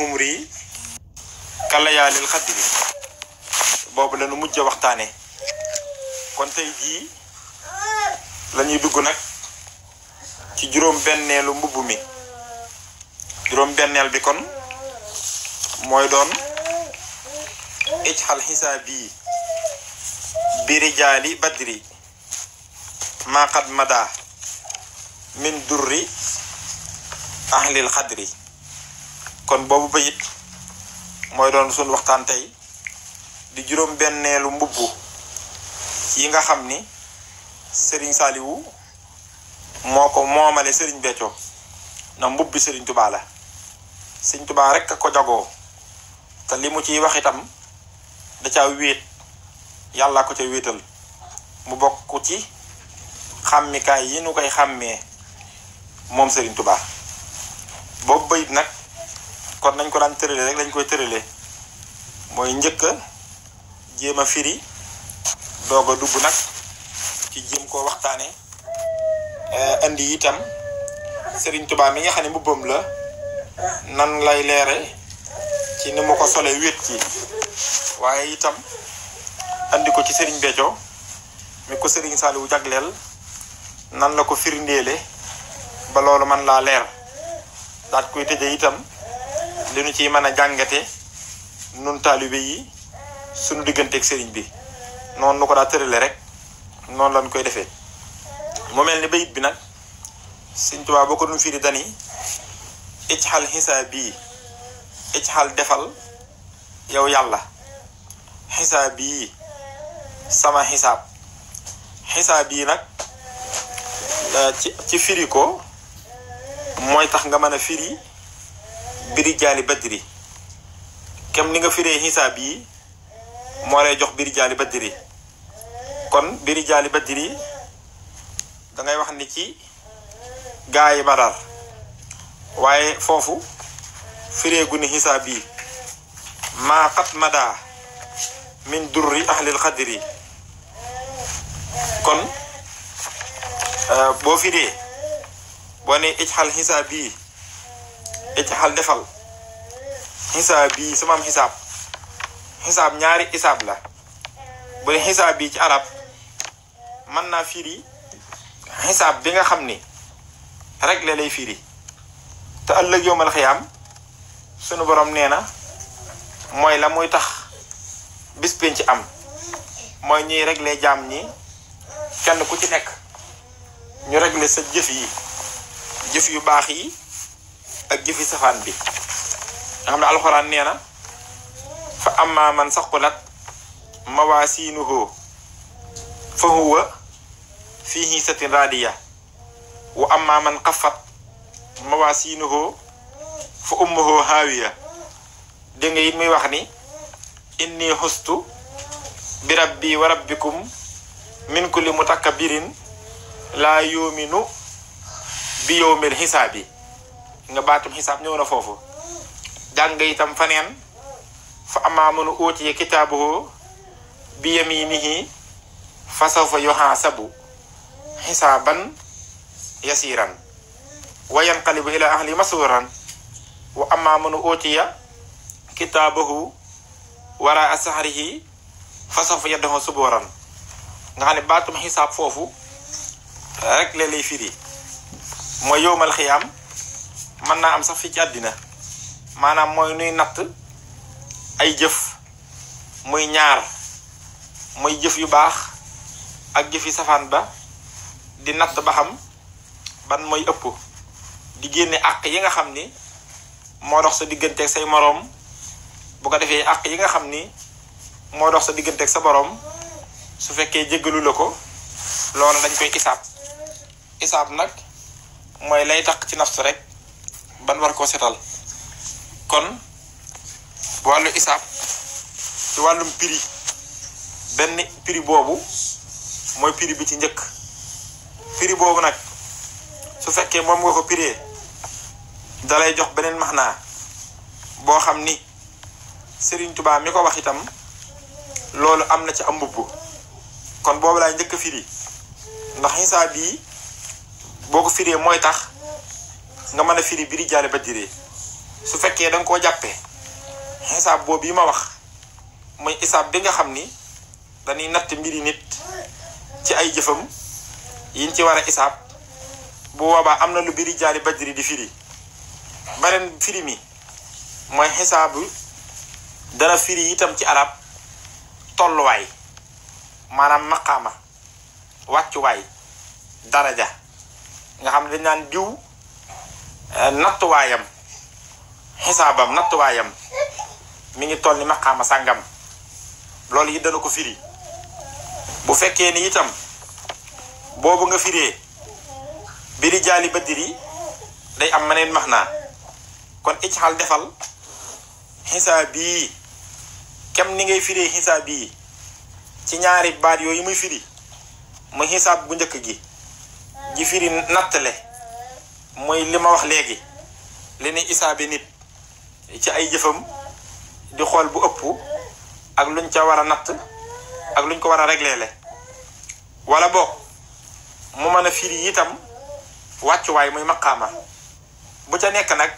humri kalayaalil xaddimi boobu la mujj waxtaane kon tey jii la dugg nag ci juróom-benneelu mbubb mi juróom-benneel bi kon mooy doon ijxal xisaabi bi rijaali badri maa mada min durri ahlil xadri kon boobu bayit mooy doon suñu waxtaan tey di juróom benneelu mbubbu yi nga xam ni sëriñ Saaliwu moo ko moomale sëriñ Béthio na mbubbi sëriñ Tubaa la sëriñ Tubaa rekk a ko jagoo te li mu ciy wax itam da caa wéet yàlla ko ca wéetal mu bokk ci xàmmikaay yi nu koy xàmmee moom sëriñ Tubaa boobu bayit nag kon nañ ko daan tëralee rek lañ koy tëralee mooy njëkk a jéem a firi doog a dugg nag ci jéem ko waxtaane indi eh, itam Serigne Touba mi nga xam ne mbubbam la nan lay leere ci ni mu ko solee wéet ci waaye itam andi ko ci Serigne Béthio mi ko Serigne Saliou jagleel nan la ko firndeele ba loolu man laa leer daat koy tëje itam li nu ciy mën a jàngate nun taalibe yi suñu digganteeg sëriñ bi noonu nu ko daa tërale rek noonu lañ koy defee mu mel ni bayit bi nag Sëriñ Tuubaa boo ko doon firi dani ijxal xisaab bii xal defal yow yàlla xisaab bii sama xisaab xisaab bii nag eh, ci ci firi ko mooy tax nga mën a firi biri jaali badri kem ni nga firee xisaab yi moo lay jox biri jaali badri kon biri jaali badri dangay wax ni ci gaa yi badar waaye foofu firee gu ni xisaab yi maa xat mada min durri ahlil xadri kon eh, boo firee boo ne ijxal xisaab yi ijxal defal xisaab bii sama am xisaab xisaab ñaari isaab la bu dee xisaab bii ci arab mën naa firi xisaab bi nga xam ni regle lay firi te ëllëg yowmal xiyaam sunu boroom nee na mooy la muy tax bis ci am mooy ñuy régler jaam ni kenn ku ci nekk ñu régler sa jëf yi jëf yu baax yi ak jëfi safaan bi nga xam ne alxuraan nee fa amma man saqulat mawaasiinuhu fa huwa fii hiisatin raadiya wa amma man xafat mawaasiinuhu fa ummuhu haawiya dégg nga it muy wax ni inni xustu bi rabbi wa rabbikum min kulli mutakabbirin laa yuuminu bi yowmil xisaabi nga baatum xisaab ñëw na foofu jàng nga itam faneen fa amaa mënu óotiye kitaabuhu bi yaminihi fa sawfa yuhaasabu xisaaban yasiran wa yanqalibu ila ahli masuran wa amaa mënu óotiya kitaabuhu wara asahrihi fa sawfa yaddahu suburan nga xam baatum xisaab foofu rek la lay firi mooy yowmal xiyaam man na am sax fi ci adina manam moy nuy nat ay jëf muy ñaar muy jëf yu bax ak jëf yi safan ba di nat ba xam ban moy ëpp di génné ak yi nga xamni mo dox sa digganteeg say morom bu ko défé ak yi nga xamni mo dox sa sa borom su lako loolu dañ koy isab isab nak moy lay tax ci nafsu rek ban war koo setal kon wàllu isaab ci wàllum prix benn prix boobu mooy prix bi ci njëkk prix boobu nag su fekkee moom nga ko prix dalay jox beneen maxnaa boo xam ni Serigne Touba mi ko wax itam loolu am na ci am mbubb kon boobu laay njëkk a firi ndax xisaab yi boo ko firee mooy tax nga mëna firi biri jari ba diré su féké dang ko jappé hisab xisaab boobu ma wax moy hisab bi nga xamni dañuy natt mbiri nit ci ay jëfëm yiñ ci wara hisab bo bu boobaa lu biri jaale ba diri di firi beneen firi mi moy hisab dara firi itam ci arab manam maqama waccu way daraja nga xamni dañ nan diw Euh, nattuwaayam xisaabam nattuwaayam mu ngi toll ni maqaama sàngam loolu it dana ko firi bu fekkee ni itam boobu nga firee biri jaali badiri day am maneen max naa kon icxal defal xisaab bii kem ni ngay firee xisaab bii ci ñaari baat yooyu muy firi muy xisaab bu njëkk gi ji firi nattale mooy li ma wax léegi li ni isaabi nit ci ay jëfam di xool bu ëpp ak luñ ca war a natt ak luñ ko war a réglé le wala boog mu mën a firi itam wàccuwaay muy maqaama bu ca nekk nag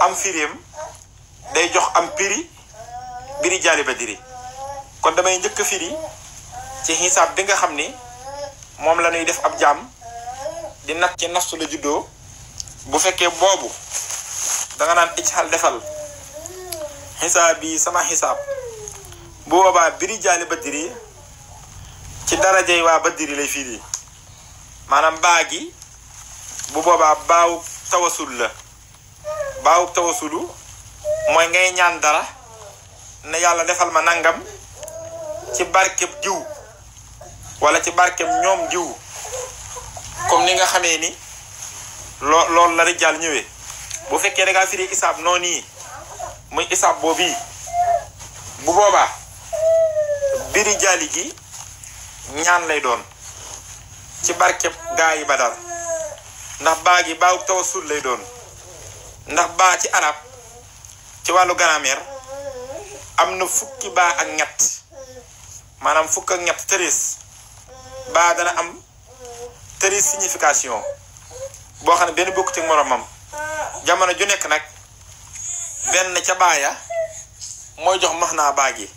am firim day jox am piri biri jaaliba kon damay njëkk firi ci xisaab bi nga xam ni moom la ñuy def ab jaam di nak ci nafsu la juddo bu bobu da nga nan ijhal defal hisabi sama hisab bu baba biri jaali badiri ci darajey wa badiri lay fi di manam baagi bu baba baaw tawasul la baaw tawasulu moy ngay ñaan dara ne yalla defal ma nangam ci barke diw wala ci barke ñom diw comme ni nga xamee ni loo loolu la rijaal ñëwee bu fekkee da ngaa firi isaab noonu yi muy isaab boobu bu boobaa bi rijaali gi ñaan lay doon ci barkeb gaa yi badar ndax baa gi baawu tawassul lay doon ndax baa ci arab ci wàllu grammaire am na fukki baa ak ñett maanaam fukk ak ñett tëris baa dana am teri signification boo xam ne benn bokk ci moromam jamono ju nekk nag benn ca baaya ya mooy jox max naa baag yi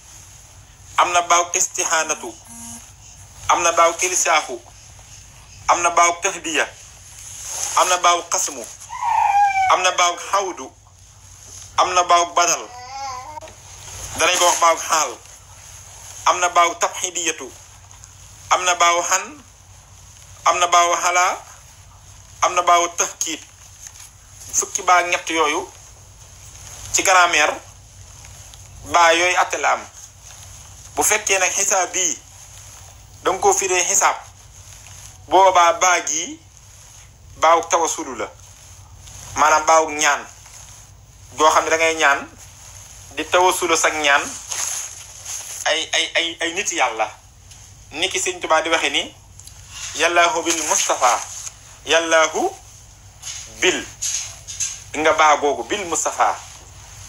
am na baaw istihanatu am na baaw kilisaaxu am na baaw tahdiya am na baaw xasmu am na baaw xawdu am baaw badal danañ ko wax baaw xaal am na baaw tabxidiyatu am na baaw xan am na baaw xalaa am na baawu tëxkiit fukki baa ñett yooyu ci grammaire baa yooyu atte bu fekkee nag xisaab bii danga ko firee xisaab boobaa baa gii baawug tawasulu la maanaam baawug ñaan joo xam ne dangay ñaan di tawasulu sag ñaan ay ay ay ay nit yàlla nit ki sëñ Tuubaa di waxe ni yallaahu bil Moustapha yallaahu bil nga baa googu bil Moustapha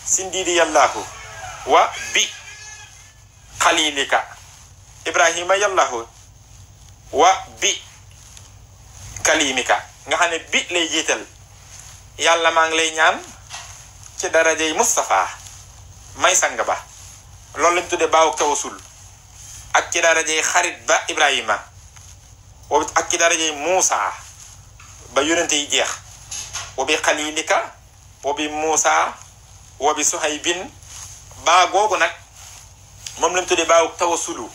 sindiidi yallaahu wa bi xaliilika Ibrahima yallaahu wa bi kalimika nga xam ne bi lay jiital yàlla maa ngi lay ñaan ci darajey Moustapha may sang ba loolu lañ tuddee baaw kawasul ak ci darajey xarit ba Ibrahima. wa ak ci darajey Muusa ba yonente jeex wa bi xalilika wa bi Muusa wa bi Suhaybin baa googu nag moom lañ tuddee baawu tawasulu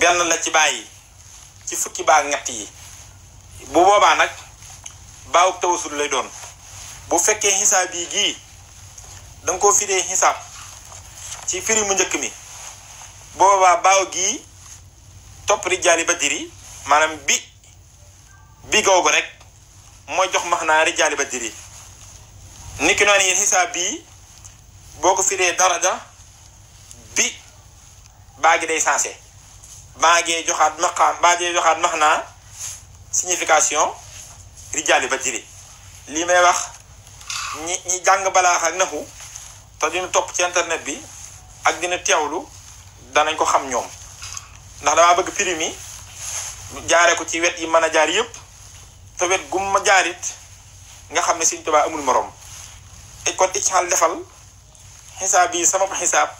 benn la ci bàyyi ci fukki baa ñett yi bu boobaa nag baawu tawasulu lay doon bu fekkee xisaab yi gii da nga koo firee xisaab ci firi mu njëkk mi boobaa baaw gii topp rijaali badiri maanaam bi bi googu rek mooy jox max naa rijaali ba diri niki noonu yéen bii boo ko firee ja bi baa gi day sensé baa gee joxaat maqaam baa joxaat max naa signification rijaali ba diri lii may wax ñi ñi jàng balaax ak naxu te duñu topp ci internet bi ak dina teewlu danañ ko xam ñoom ndax damaa bëgg prix mi jaare ko ci wet yi mën a jaar yëpp te wet gum jaarit nga xam ne Sëriñ Tuubaa amul morom et kon icxal defal xisaab yi sama xisaab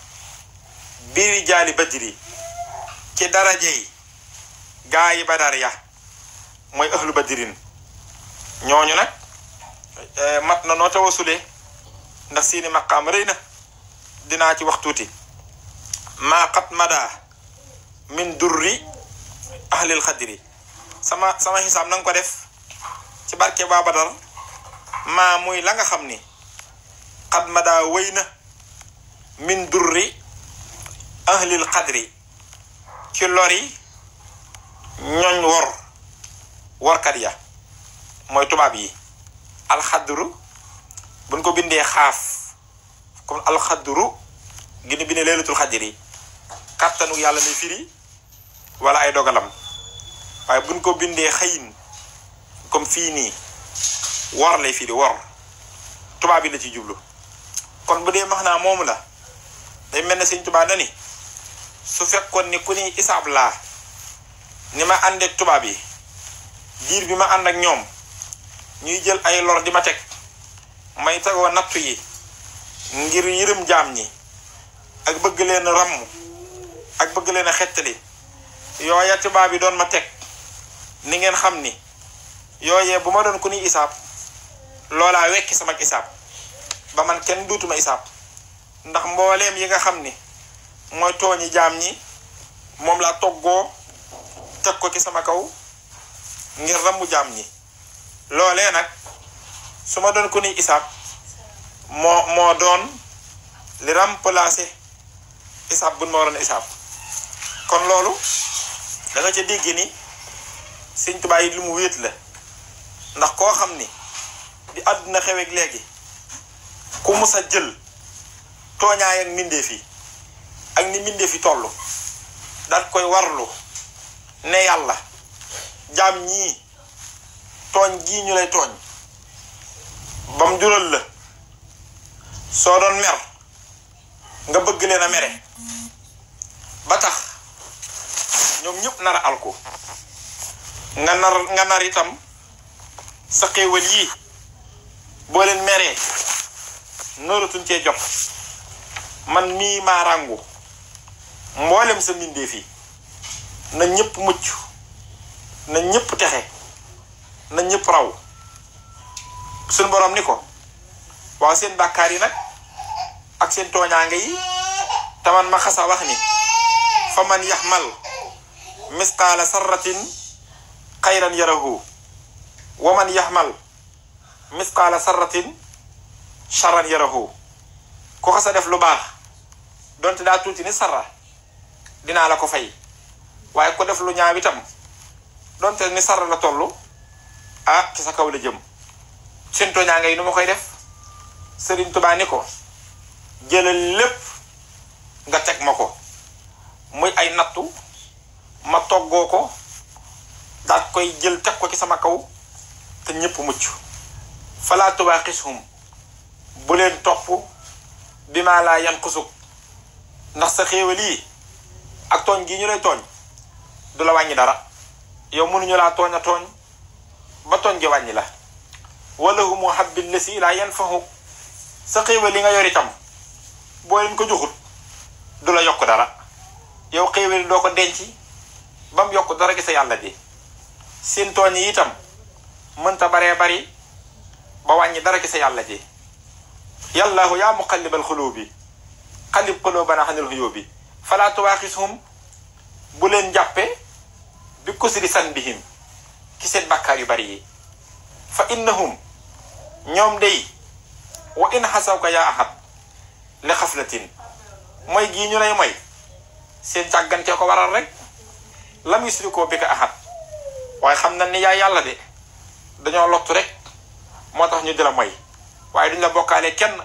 biiri jaali badri ci dara yi gaa yi badar ya mooy ahlu badrin ñooñu nag eh, mat na noo tawasule ndax seeni maqaam rëy na dinaa ci wax tuuti maa qad mada min durri ahlil xadri sama sama xisaab na ko def ci barke waa Badar maa muy la nga xam ni xad ma daa wéy na min durri ahlil xadri ci lori ñooñ wor workat ya mooy tubaab yi alxadru buñ ko bindee xaaf comme alxadru gi ni bindee leelatul xadri kàttanu yàlla lay firi wala ay dogalam waaye buñ ko bindee xëyin comme fii nii wor lay fii di wor tubaab bi la ci jublu kon bu dee max naa moomu la day mel ne sëñ tubaab na ni su fekkoon ni ku ni isaab laa ni ma àndeek tubaab yi diir bi ma ànd ak ñoom ñuy jël ay lor di ma teg may tegoo nattu yi ngir yërëm jaam ñi ak bëgg leen ramm ak bëgg leen a xettali yooya tubaab yi doon ma teg ni ngeen xam ni yooyee bu ma doon ku ni isaab loolaa wekki sama isaab ba man kenn duutuma isaab ndax mbooleem yi nga xam ni mooy tooñi jaam ñi moom laa toggoo teg ko ci sama kaw ngir ràmbu jaam ñi loolee nag su ma doon ku ni isaab moo moo doon li remplacer isaab buñ ma waroon isaab kon loolu da nga ca dégg ni sëñ Tuubaa mu wéet la ndax koo xam ni di àdduna xeweeg léegi ku mus a jël tooñaay ak mbindeef yi ak ni mbindeef yi toll daat koy warlu ne yàlla jaam ñii tooñ gii ñu lay tooñ bam jural la soo doon mer nga bëgg leen a mere ba tax ñoom ñëpp nar a alko nga nar nga nar itam sa xéewal yii boo leen meree nooratuñ cee jot man mii maa ràngu mboolem sa mbindeef yi nañ ñëpp mucc nañ ñëpp texe nañ ñëpp raw suñ borom ni ko waaw seen bàkkaar yi nag ak seen tooñaange yi taman ma xasa wax ni fa man yaxmal misqaala sarratin kairan yarahu wa man yahmal misqaala sarratin sharan yarahu ko xassa def lu bax donte da tuti ni sarra dina la ko fay waye ko def lu tam donte ni sarra la tollu ah ci sa kaw la jëm seen tooñaa ngay nu koy def serigne touba ni ko jëlal nga tek mako muy ay nattu ma toggoo ko daal koy jël teg ko ci sama kaw te ñëpp mucc falaa tubaaqishum bu leen topp bi maa laa yanqusuk ndax sa xéewal lii ak tooñ gi ñu lay tooñ du la wàññi dara yow mënuñu laa tooñ a tooñ ba tooñ gi wàññi la wala humu habbil lasi laa yanfahu sa xéewal li nga yor itam boo leen ko joxut du la yokk dara yow xéewal yi doo ko denc bam mu dara gi sa yàlla di seen yi itam ta bare bari ba wàññi dara sa yàlla ji ya muqallib al xuluubi xalib qulubana anil huyuubi fala tuwaqishum bu len jàppe bi kusri bihim ki seen bakkar yu bari yi fa innahum ñoom day wa in hasawka ya ahad li xaflatin mooy gii ñu lay moy seen càggantee ko waral rek lam yusrikoo bika ahad waaye xam na ni yaa yàlla de dañoo lottu rek moo tax ñu di la moy waaye duñ la bokkaale kenn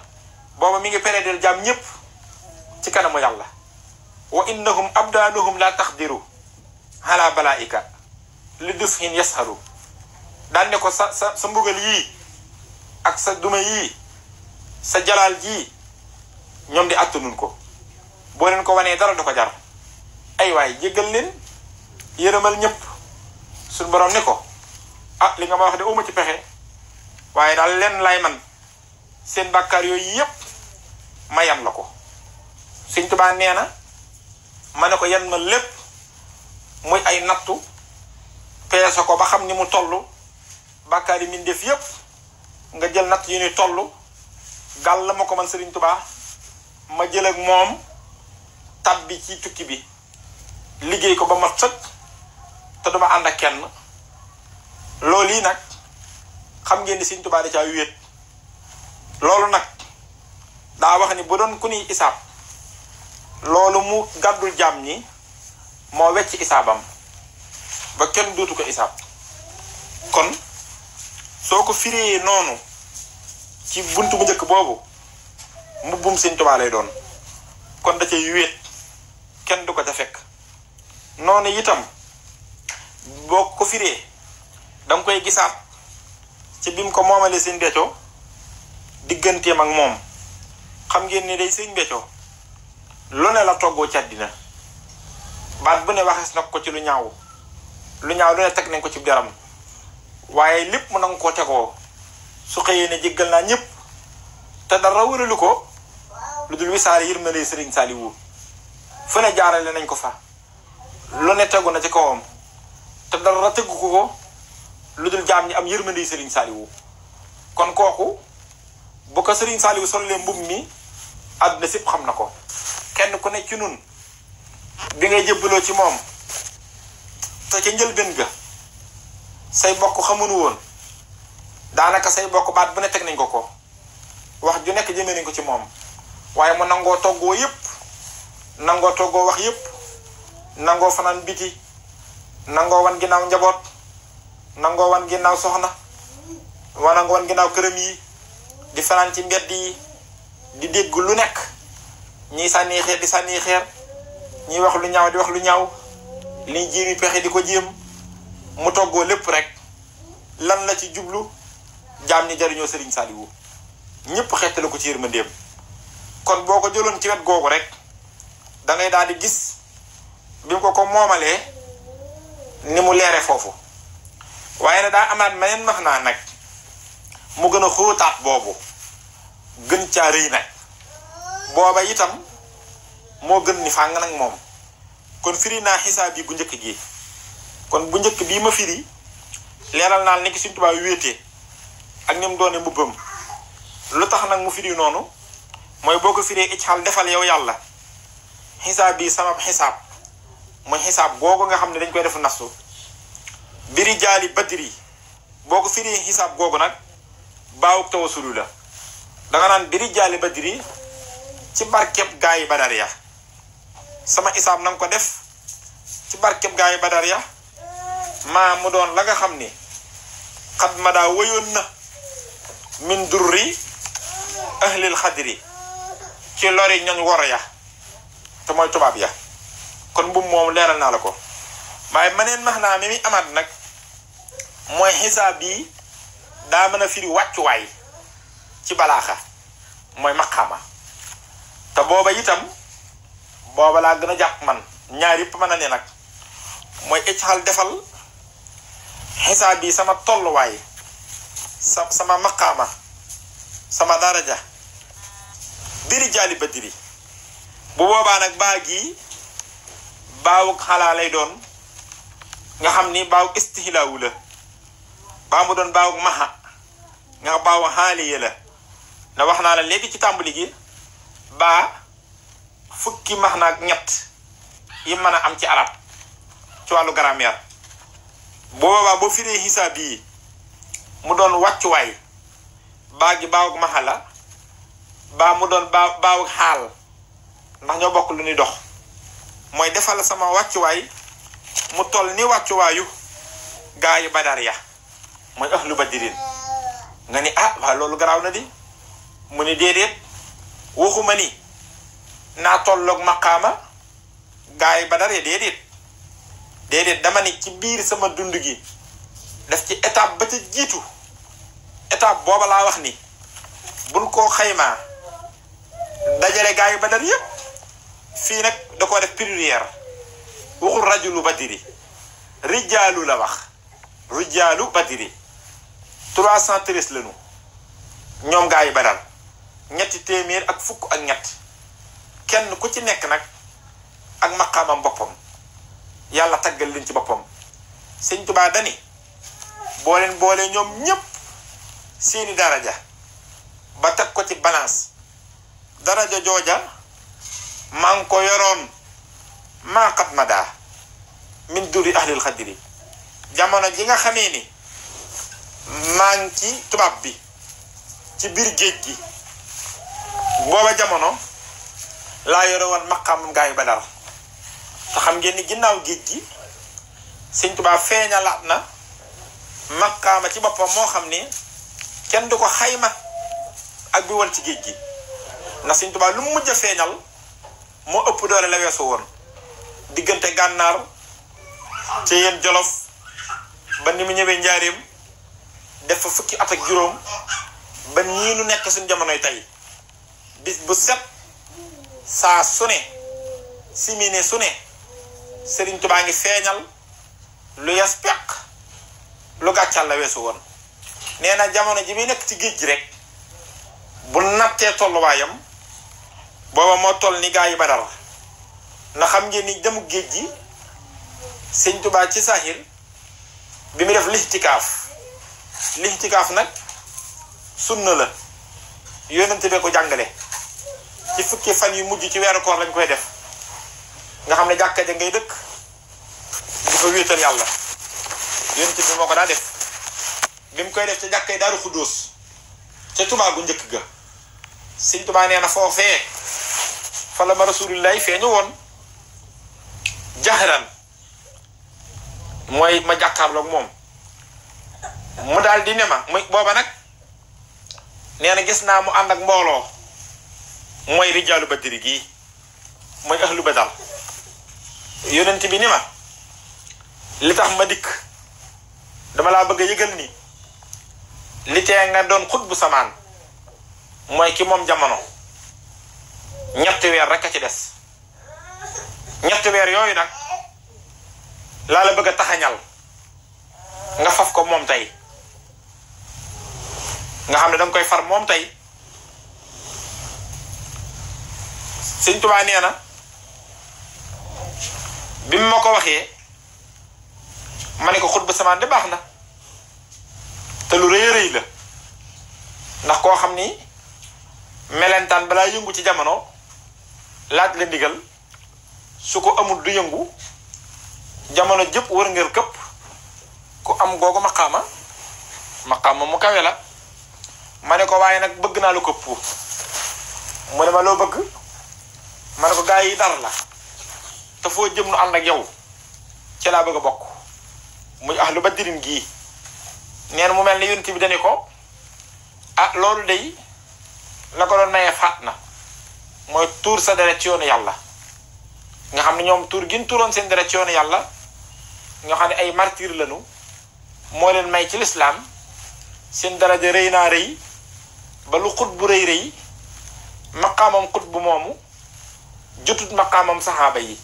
booba mi ngi pérédel jaam ñépp ci kanamu yàlla wa innahum abdaanuhum la taxdiru ala balaika li duf hin yasharu daan ko sa sa sa mbugal yii ak sa duma yii sa jalaal jii ñoom di àttanun ko boo leen ko wanee dara du ko jar ay waay jéggal leen yeeramal iya, ñëpp suñ borom ne ko ah li nga ma wax de uma ci pexe waaye daal lenn lay man seen bàkkaar yooyu yépp mayam la ko Sëñ Tuubaa nee na ma ne ko yan ma lépp muy ay nattu peese ko ba xam ni mu toll bàkkaar yi min def yépp nga jël natt yi ni toll gàll ma ko man Sëriñ Tuubaa ma jël ak moom tab bi ci tukki bi liggéey ko ba ma te duma ànd ak kenn loolu yi nag xam ngeen ni Sëñ Tuubaa da caa loolu nag daa wax ni bu doon ku ni isaab loolu mu gàddul jaam ñi moo wecc isaabam ba kenn duutu ko isaab kon soo ko firee noonu ci buntu bu njëkk boobu mbubbum Sëñ Tuubaa lay doon kon da cay wéet kenn du ko ca fekk noonu itam boo ko firee da koy gisaat ci bi mu ko moomalee sëñ Béthio digganteem ak moom xam ngeen ne day sëñ Béthio lu ne la toggoo ci dina baat bu ne waxees na ko ci lu ñaaw lu ñaaw lu teg nañ ko ci deram waaye lépp mu nanga ko tegoo su xëyee ne jéggal naa ñëpp te dara wëralu ko lu dul wisaare yërmande Sëriñ Saliou fu ne jaarale nañ ko fa lu ne tegu na ci kawam te dara tëgg ko ko lu dul jaam ñi am yërmande yi Serigne kon kooku bu ko Serigne Saliou solee mbubb mi àdduna sépp xam na ko kenn ku ne ci nun bi ngay jëbbaloo ci moom te ca njëlbéen ga say bokk xamuñu woon daanaka say bokk baat bu ne teg nañ ko ko wax ju nekk jëmee nañ ko ci moom waaye mu nangoo toggoo yépp nangoo toggoo wax yépp nangoo fanaan biti nangoo wan ginnaaw njaboot nangoo wan ginnaaw soxna wa nangoo wan ginnaaw këram yi di fanaan ci mbedd yi di dégg lu nekk ñiy sànni xeer di sànni xeer ñiy wax lu ñaaw di wax lu ñaaw liñ jéemi pexe di ko jéem mu toggoo lépp rek lan la ci jublu jaam ñi jariñoo Serigne Saliou ñépp xettale ko ci yërmandeem kon boo ko jëloon ci wet googu rek da ngay daal di gis bi mu ko ko moomalee ni mu leere foofu waaye nag daa amaat meneen max naa nag mu gën a xóotaat boobu gën caa rëy nag booba itam moo gën ni fàng nag moom kon firi naa xisaab yi bu njëkk gi kon bu njëkk bii ma firi leeral naa nekk Sëriñ Tuubaa wéete ak ni mu doone mbubbam lu tax nag mu firi noonu mooy boo ko firee icc xal defal yow yàlla xisaab bi sama xisaab mooy xisaab googu nga xam ne dañ koy def nafsu biri jali badri boo ko firi xisaab googu nag baawu tawasulu la nga naan biri jaali badri ci barkeb gaay badar ya sama xisaab nang ko def ci barkeb gaay badar ya ma mu doon la nga xam ne xad ma daa wëyoon na min durri ahlil xadri ci lori ñoñ wor ya te mooy tubaab ya kon bu mom leral na la ko waye maneen maanaam mi mi amaat nak moy hisab bi da mën firi firi way ci balaxa moy maqama ta boba itam boba la gëna japp man ñaar yëpp mën ne nak moy icxal defal hisab bi sama tollu way sama maqama sama daraja diri jali badiri diri bu boba nak baagi ak xala lay doon nga xam ni baawug istihlaawu la baa mu doon baaw maha nga baawu xaaliye la na wax naa la léegi ci tàmbali gi baa fukki max naag ñett yi mën a am ci arab ci wàllu grammaire boobaa boo firee xisaab yi mu doon wàccuwaay baa gi ak maxa la baa mu doon baa xaal ndax ñoo bokk lu ñuy dox moy defal sama way mu toll ni waccu wayu gaay badar ya moy ahlu badirin ngani ah wa lolou graw na di muni dedet waxuma ni na tollok maqama gaay badar ya dedet dedet dama ni ci biir sama dundu gi daf ci étape ba ci jitu étape boba la wax ni buñ ko xeyma dajale gaay badaria. badar fii nag da ko def pluriel waxul rajulu badiri rijaalu la wax rijaalu badiri 313 la ñu ñoom gaa yi badal ñetti téeméer ak fukk ak ñett kenn ku ci nekk nag ak maqaamam boppam yàlla taggal leen ci boppam sëñ Tuubaa dani boo leen boolee ñoom ñépp seeni daraja ba teg ko ci balance daraja jooja maa ngi ko yoroon maa qad madaa min duri ahlil xadiri jamono ji nga xamee ni maa ngi ci tubaab bi ci biir géej gi booba jamono laa yore woon maqaamum gaayu badar te xam ngeen ni ginnaaw géej gi sëñ tubaab feeñalaat na maqaama ci boppam moo xam ni kenn du ko xayma ak bi woon ci géej gi ndax sëñ tubaab lu mu mujj a feeñal moo ëpp doole la weesu woon diggante gànnaar ci yéen jolof ba ni mu ñëwee njaareem def fa fukki at ak juróom ba nii nu nekk suñ jamonoy tey bis bu set saa su ne simine su ne Sëriñ Tubaa ngi seeñal lu yas peq lu gàccal la weesu woon nee na jamono ji muy nekk ci géej gi rek bu nattee tolluwaayam booba moo toll ni gaa yi Badar na xam ngeen ni dem géej gi sëñ Tuubaa ci sahil bi mu def lixtikaaf lixtikaaf nag sunna la yonent bee ko jàngale ci fukki fan yu mujj ci weeru koor lañ koy def nga xam ne jàkka ja ngay dëkk di fa wéetal yàlla yonent bi moo ko daa def bi mu koy def ci jàkkay daaru xuddoos ca Tuubaa gu njëkk ga sëñ Tuubaa nee na foofee fala ma rasulullahi feñu won jahran moy ma ak mom mu dal di nema moy boba nak neena gis na mu and ak mbolo moy rijaalu badri gi moy ahlu badal yonent bi ni li tax ma dik dama la bëgg yëgal ni li tee nga don khutbu samaan ki mom jamono ñetti weer rek a ci des ñetti weer yooyu nag laa la bëgg a taxañal nga faf ko moom tey nga xam ne koy far moom tey sëñ tubaa nee na bi mu ma ko waxee ma de baax na lu la ndax yëngu ci jamono laaj la ndigal su ko amul du yëngu jamono jëpp wër ngeen këpp ku am googu maqaama maqaama mu kawe la ma ne ko waaye nag bëgg naa lu këpp mu ne ma loo bëgg ma ne ko gaa yi dara la te foo jëm nu ànd ak yow ci laa bëgg a bokk muy ahlu badrin gii neen mu mel ne yonent bi dani ko ah loolu day la ko doon mayee faat na mooy tuur sa deret ci yoonu yàlla nga xam ne ñoom tuur gin tuuroon seen deret ci yoonu yàlla nga xam ne ay martyr lañu moo leen may ci lislaam seen daraja rëy naa rëy ba lu xut bu rëy rëy maqaamam xut bu moomu jotut maqaamam saxaaba yi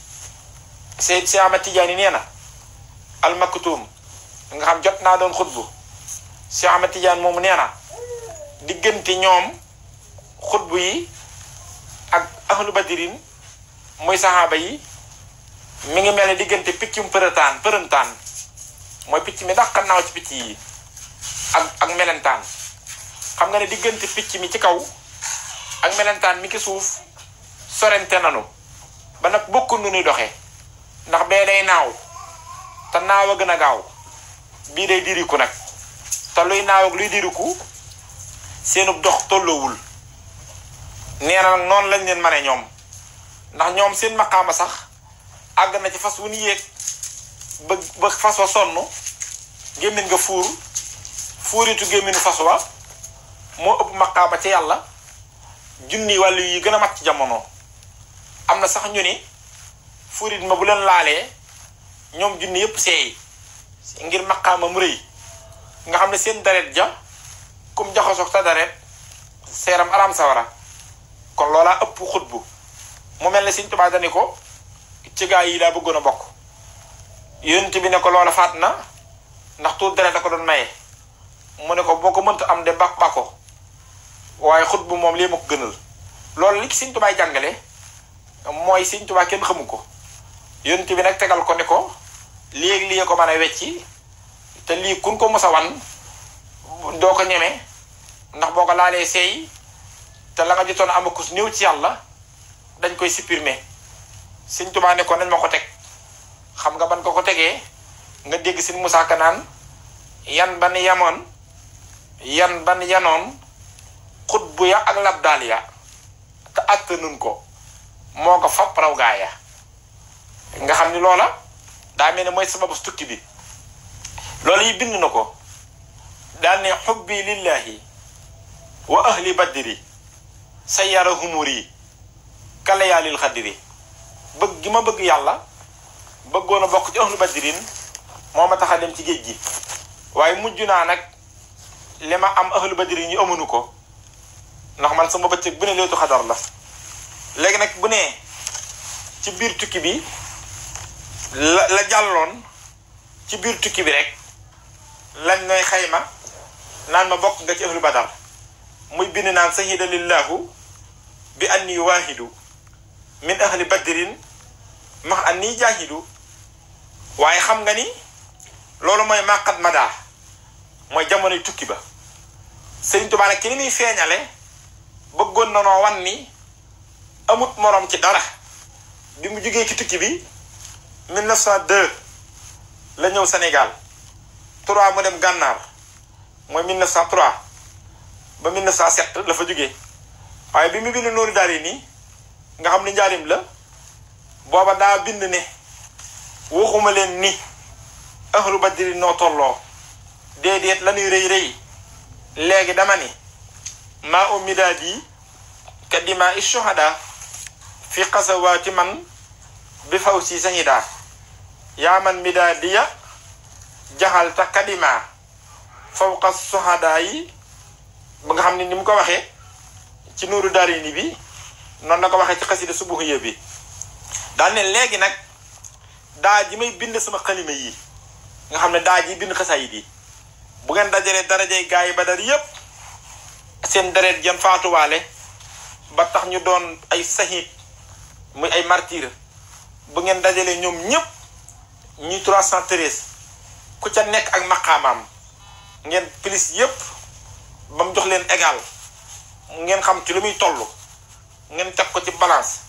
Seyd si Ahmad Tijaani nee na al maktuum nga xam jot naa doon xutbu si Ahmad Tijaan moomu nee na diggante ñoom xutbu yi ahlu badirin mooy saxaaba yi mu ngi mel ne diggante piccum përëtaan përëmtaan mooy picc mi dàq naaw ci picc yi ak melentaan xam nga ne diggante picc mi ci kaw ak melentaan mi ki suuf sorente nanu ba nag bokku nu nuy doxe ndax bee day naaw te naaw a gën a gaaw bii day diriku nag te luy naaw ak luy diriku seenub dox tolloowul neena nak non lañ leen mané ñom ndax ñom seen maqama sax ag na ci fas wu ni yéeg ba ba fas wa sonn gémmin nga fuur fuuritu gémminu fas wa mo upp maqama ci yalla jinni walu yi gëna mat ci jamono am sax ñu ni fuurit ma bu leen laalé ñom jinni yépp sey ngir maqama mu rëy nga xamne seen daret ja kum jaxasoog ta daret seram aram sawara kon loolaa ëpp xutbu mu mel ne Sëñ Tuubaa dani ko ci gaa yi daa bëggoon a bokk yonent bi ne ko loola faat na ndax tuur deret da ko doon maye mu ne ko boo ko mënta am de bàq bàqo waaye xutbu moom lii ma ko gënal loolu li ci Sëñ Tuubaa jàngale mooy Sëñ Tuubaa kenn xamu ko yonent bi nag tegal ko ne ko li lii ko mën a wecci te lii kun ko mos a wan doo ko ñeme ndax boo ko laalee seey té la nga jotoon am ko kus dan ci yalla dañ koy supprimer seigne touba ne ko nañ mako tek xam nga ban ko ko tege nga deg seigne moussa kanan yan ban yamon yan ban yanon khutbu ya ak dalia. ta ya te ko moko ko fab raw gaaya nga xam ni loola daa mel ne sababu tukki bi loolu yi bind nako ko ne lillahi wa ahli badri sa yara humur yi kalayaalil xaddiri bëgg gi ma bëgg yàlla bëggoon a bokk ci ahlu badrin moo ma tax a dem ci géej gi waaye mujj naa nag li ma am ahlu badrin ñu amuñu ko ndax man sama bëccëg bu ne leetu xadar la léegi nag bu ne ci biir tukki bi la la jàlloon ci biir tukki bi rek lañ nooy xayma naan ma bokk nga ci ahlu badar muy bind naan sahida lillahu bi anni waahidu min ahli badrin max anni jaahidu waaye xam nga ni loolu mooy màqat madaa mooy jamonoy tukki ba Sëriñ Tuubaa ki ni muy feeñale bëggoon na noo wan ni amut moroom ci dara bi mu jógee ci tukki bi 1902 la ñëw Sénégal 3 mu dem gànnaar mooy 1903 ba 1907 la fa jógee waye bi mu bind dari ni nga xamni ni la boba da bind ne waxuma len ni ahlu badri no tolo dedet lanuy reey reey legi dama ni ma u midaad yi kaddimaa fi qasawati man bi fawsi si ya yaa man midaadiya jaxalta kaddimaa fawqa suhadai ba nga xamni nim ni ko waxe ci nuru dari ni bi non la ko di ci xasida subuhiya bi daal ne legi nak da ji may bind sama khalima yi nga xamne da ji bind khasay yi bu ngeen dajalee darajey gaay badar yeb sen deret walé ba tax ñu doon ay sahid muy ay martyr bu ngeen dajale ñom ñep ñi 313 ku ca nek ak maqamam ngeen plus yeb ba jox leen égal ngeen xam ci lu muy toll ngeen teg ko ci balance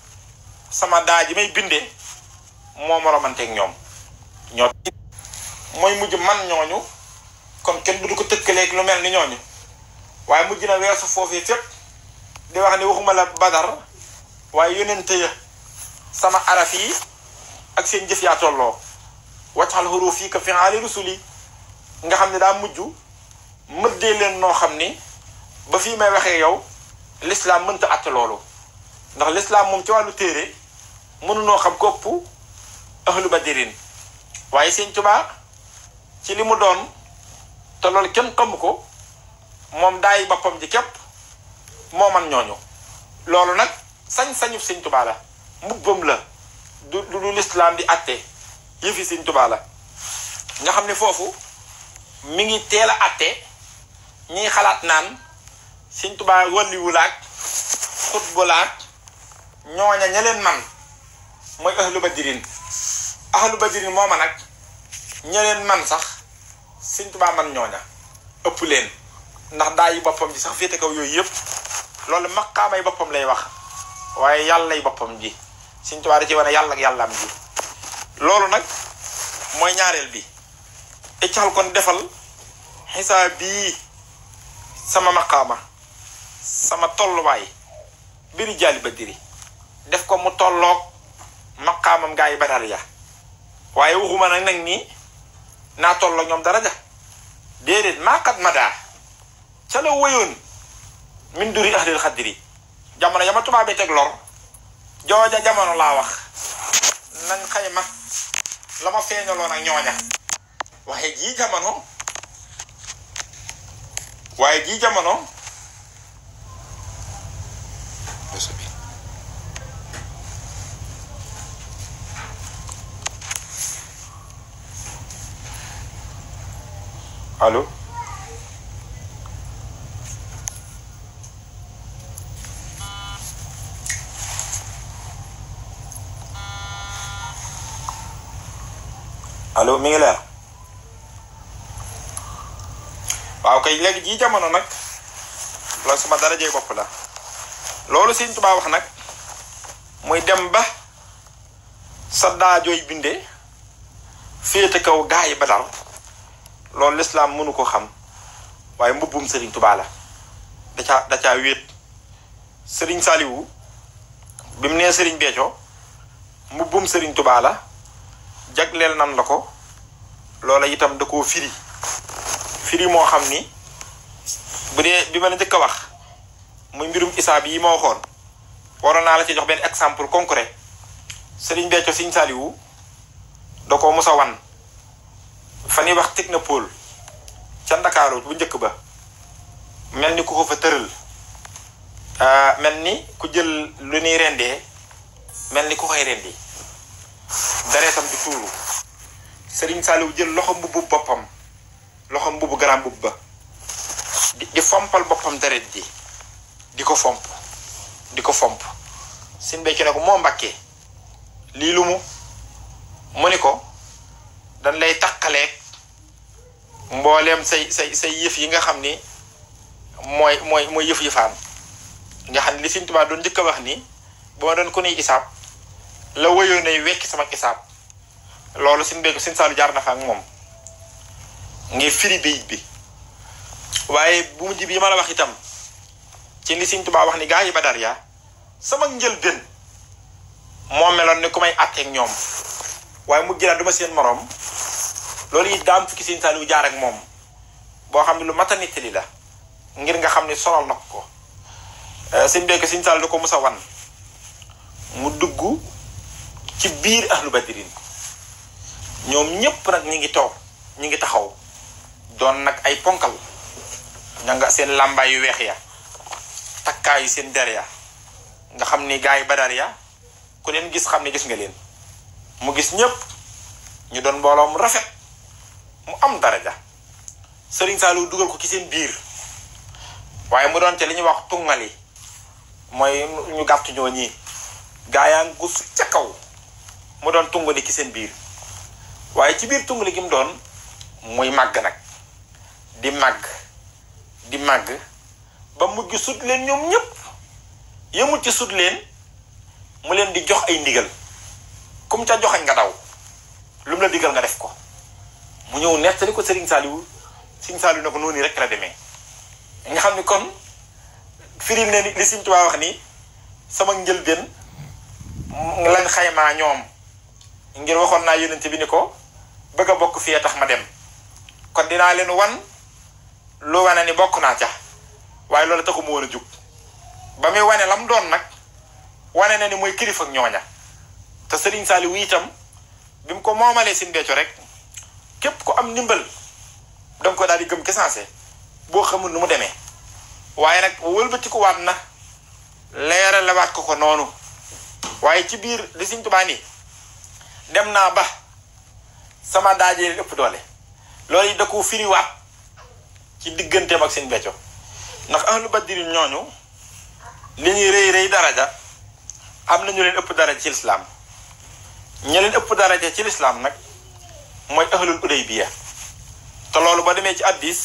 sama daa ji may bindee moo ma romanteeg ñoom ñoo mooy mujj man ñooñu kon kenn du ko tëkkaleeg lu mel ni ñooñu waaye mujj na weesu foofu fépp di wax ne waxuma la badar waaye yónnente ya sama araf yi ak seen jëf yaa tolloo waccaxal xuruuf yi ka fi aali nga xam ne daa mujj mëddee leen noo xam ni ba fii may waxee yow lislaam mënta àtte loolu ndax l'islam moom ci wàllu téere mënunoo xam kopp ahlu badirin waaye sëñ Tuubaa ci li mu doon te loolu kenn xamu ko moom daay boppam ji képp moo man ñooñu loolu nag sañ-sañu sëñ Tuubaa la mbubbam la du du l'islam di àtte yëfi sëñ Tuubaa la nga xam ne foofu mu ngi teel a àtte ñii xalaat naan Sëñ Tuubaa wàlliwulaak xutbulaak ñooña ña leen man mooy ahlu badirin ahlu badirin mooma nag ña leen man sax Sëñ Tuubaa man ñooña ëpp leen ndax daa yi boppam ji sax féete kaw yooyu yëpp loolu maqaamay boppam lay wax waaye yàllay boppam ji Sëñ Tuubaa da ci wane yàlla ak yàllaam ji loolu nag mooy ñaareel bi iccaxal kon defal xisaab bii sama makama, sama way biri jali ba diri def ko mu tollok maqaamam gaa baral ya waye waxuma neng nag nii naa tolloo ñoom daraja déedéet maakat mada ca la wéyoon min duri ahlil khadri jamono yama tuba be tek lor jooja jamono la wax nan xayma la ma feeñaloon ak waxe ji jamono Ouais, dis-je, Manon. Je sais bien. Allô Allô, Miller ok léegi jii jamono nag loolu sama darajee bopp la loolu Sëñ Tuubaa wax nag muy dem ba sa daajooy bindee féete kaw gaa yi ba dal loolu lislaam mënu ko xam waaye mbubbum Sëriñ Tuubaa la da caa caa wéet sëriñ Saliou bi mu nee sëriñ Béthio mbubbum Sëriñ tubaa la jagleel nan la ko loola itam da koo firi firi mo xamni bu dee bima la jëk wax muy mbirum isa bi mo ma waro na la ci jox ben exemple concret Serigne beccio Serigne saliwu dako musa wan fani wax technopole ca dakaro bu jëk ba melni ku ko fa teurel mel melni ku jël lu ni rendé melni ku koy rendi di tuuru Serigne saliwu jël bu bopam loxo mbubu garaam mbubu ba di fompal boppam deret ji di ko fomp di ko fomp sin beccu ne ko moo mbakkee lii lu mu mu ni ko dañ lay takkaleeg mbooleem say say say yëf yi nga xam ni mooy mooy mooy yëf yëfaan nga xam ne li Sëñ Tuubaa doon njëkk a wax nii ba ma doon ku nuy isaab la wëyoon nay wekki sama isaab loolu sin beccu sin jaar na fa ak moom ngi firi bayit bi waaye bu mujj bi ma la wax itam ci ni seigne touba wax ni gaay Badar ya sama den mo melon ni kumay may ak ñom waye mu naa duma seen morom loolu yi daam fukki seigne jaar ak mom bo xamni lu mat nyom la ngir nga xamni solal ko eh, sëñ beek Sëñ Saaliw ko musa wan mu dugg ci biir ahlu badrin ñom ñepp nak ñi ngi tok ñi ngi taxaw don nak ay ponkal ña nga sen lamba yu wex ya takay sen der ya nga xamni ni badar ya ku len gis xamni gis nga len mu gis ñep ñu don mbolom rafet mu am daraja serigne Saliou dugal ko ci sen bir waye mu don ca liñu wax tungali moy ñu gàtt ñoo ñii gus ca kaw mu don tungali ci sen bir waye ci bir tungali gi mu don moy mag nak di màgg di màgg ba mujj sut leen ñoom ñépp yëmul ci sut leen mu leen di jox ay ndigal kum ca jox joxañ nga daw lu mu la digal nga def ko mu ñëw nettali ko Serigne Saliou Serigne Saliou na ko noonu rek la demee nga xam ni kon firil ne li Serigne Touba wax ni sama njëlbeen lañ xaymaa ñoom ngir waxoon naa yonent bi ni ko bëgg a bokk fii tax ma dem kon dinaa leen wan lu wane ni bokk naa ca waaye loolu taxu mu woon a jug ba muy wane lam doon nag wane na ni mooy kilifa ak ñooña te Serigne Saliou itam bi mu ko moomalee sin beccu rek képp ku am ndimbal danga ko daal di gëm kesancé boo xamul nu mu demee waaye nag wëlbatiku waat na leeralawaat ko ko noonu waaye ci biir li Serigne Touba dem naa ba sama daajee ëpp doole loolu yi da koo firiwaat ci digënté ak seen nak ndax ahlu badr ñooñu li reey reey dara daraja am na ñu leen ëpp daraja ci l'islam ñi leen ëpp daraja ci l'islam nak moy ahlul udaybiya té loolu ba démé ci hadith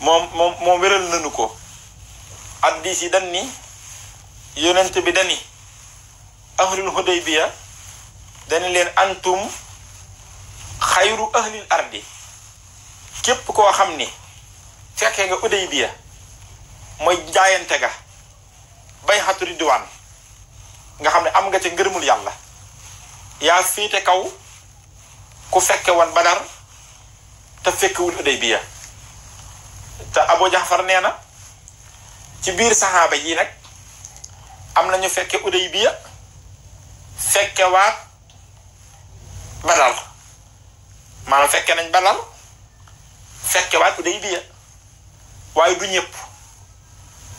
mom mom mom wéral nañu ko hadith yi dan ni yonent bi ni ahlul udaybiya dañ leen antum xayru ahlil ardi kep ko xamni fekkee nga Udaybiya mooy jaayante ga bay xatu ridwaan nga xam ne am nga ci ngërmul yàlla yaa fiite kaw ku fekke woon Badar te fekkewul Udaybiya te jax Jaxfar nee na ci biir saxaaba yii rek am na ñu fekke Udaybiya fekke waat maa maanaam fekkee nañ Badar fekke waat Udaybiya waye du ñepp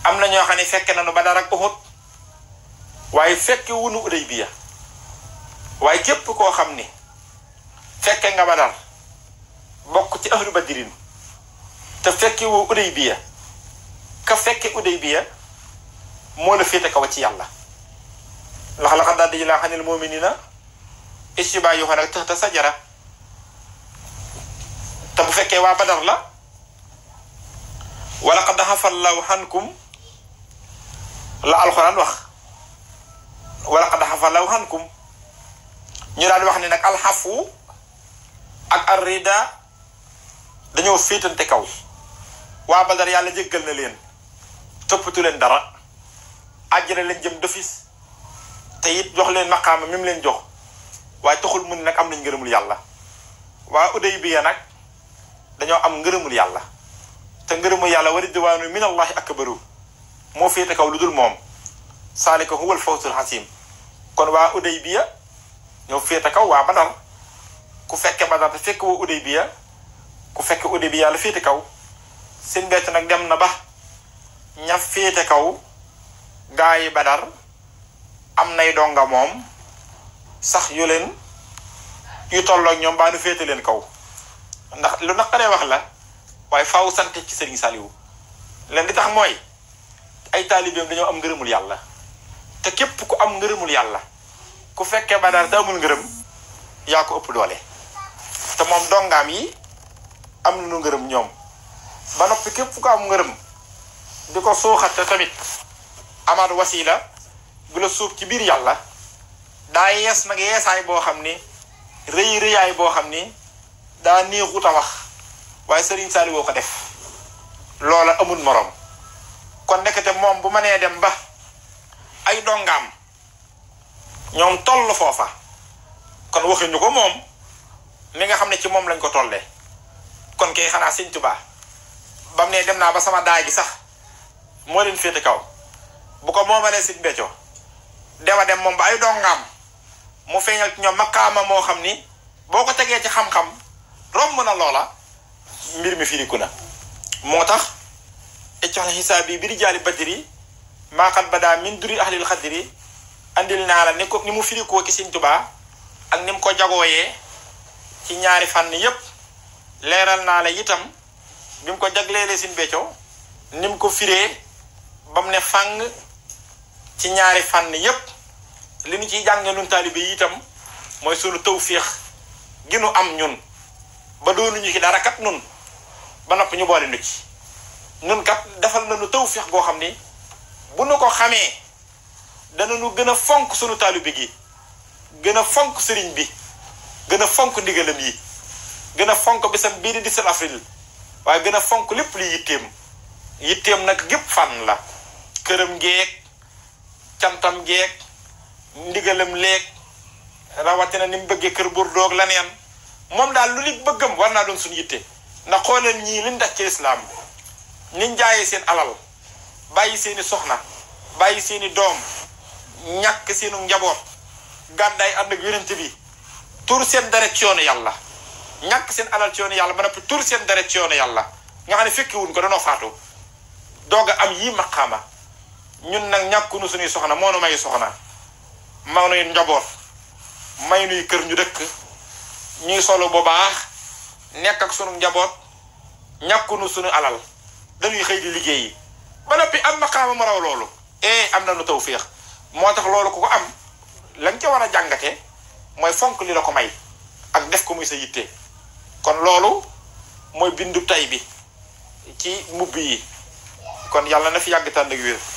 am na ñoo xam fekke nañu Badar ak Uhud waye fekke wunu Udaybiya waaye képp koo xam fekke nga Badar bok ci ahlu Badrin te fekke wu Udaybiya ka fekke Udaybiya mo la fete kaw ci yalla la xam di la xam ta bu fekke wa Badar la wala qad xafallahu xankum la alxuraan wax wala qad xafallahu xankum ñu daan wax ne nag alxafu ak arrida dañoo féetante kaw waa Badar yàlla jéggal na leen toppatu leen dara àjjana leen jëm defis te it jox leen maqaama mi mu leen jox waaye taxul mu ne nag am nañ ngërëmul yàlla waa Udaybiya nag dañoo am ngërëmul yàlla te ngërëmu yàlla wa ridwaanu min allahi akbaru moo féete kaw lu dul moom saalika huwa alfawzul xasim kon waa Udaybiya ñoo féete kaw waa Badar ku fekke Badar te fekk waa Udaybiya ku fekk Udaybiya la féete kaw seen becc nag dem na ba ña féete kaw gaa yi Badar am nay donga moom sax yu leen yu tolloog ñoom baa nu féete leen kaw ndax lu naqaree wax la waaye faaw sant ci Serigne Saliou leen di tax mooy ay taalibeem dañoo am ngërëmul yàlla te képp ku am ngërëmul yàlla ku fekkee ba daal te amul ngërëm yaa ko ëpp doole te moom dongaam yi am nañu ngërëm ñoom ba noppi képp ku am ngërëm di ko suuxat te tamit amaat wasila gu la suuf ci biir yàlla daa yees nag yeesaay boo xam ni rëy rëyaay boo xam ni daa néexut a wax waaye Serigne Saliou woo ko def loola amul moroom kon nekkate moom bu ma nee dem ba ay dongaam ñoom toll foofa kon waxuñu ko moom mi nga xam ne ci moom lañ ko tollee kon kay xanaa Sëñ Tuubaa bam ne dem naa ba sama daay gi sax moo leen féete kaw bu ko moomalee Sëñ Béthio dema dem moom ba ay dongaam mu feeñal ci ñoom maqaama moo xam ni boo ko tegee ci xam-xam romb na loola mbir mi firiku na moo tax eccaxal xisaab yi bi di jaali badiri maaxat badaa min duri ahlil xadiri andil naa la ni ko ni mu firikoo ki Sëñ Tuubaa ak ni mu ko jagooyee ci ñaari fànn yépp leeral naa la itam bi mu ko jagleelee Sëñ Béthio ni mu ko firee ba mu ne fàng ci ñaari fànn yépp li ci ciy jànge nun taalibe yi itam mooy sunu tawféex gi nu am ñun ba doonuñu ci dara kat nun ba noppi ñu boole nu ci nun kat defal nañu tawféex goo xam ni bu nu ko xamee danañu gën a fonk sunu taalibe gi gën a fonk sëriñ bi gën a fonk ndigalam yi gën a fonk bisam bii di 17 afril waaye gën a fonk lépp li yitteem yitteem nag gépp fan la këram geek cantam geek ndigalam leek rawatina ni mu bëggee kër bur doog la neen moom daal lu nit bëggam war doon ndax xoolal ñii liñ daj ci lislaam niñ jaayee seen alal bàyyi seeni soxna bàyyi seeni doom ñàkk seenu njaboot gàddaay ànd ak yonent bi tur seen dara ci yoonu yàlla ñàkk seen alal ci yoonu yàlla ba noppi tur seen dara ci yoonu yàlla nga xam ne fekki wuñ ko danoo faatu doog a am yii maqaama ñun nag ñàkkunu suñuy soxna moo nu may soxna moo nuy njaboot may nuy kër ñu dëkk ñuy solo bu baax nekk ak sunu njaboot ñàkkunu sunu alal dañuy xëy di liggéey yi ba noppi am maqaama mu raw loolu eh am na nu tawféex moo tax loolu ku ko am lañ ca war a jàngate mooy fonk li la ko may ak def ko muy sa yitte kon loolu mooy bindu tay bi ci mbubb yi kon yàlla na fi yàgg tànn ak wér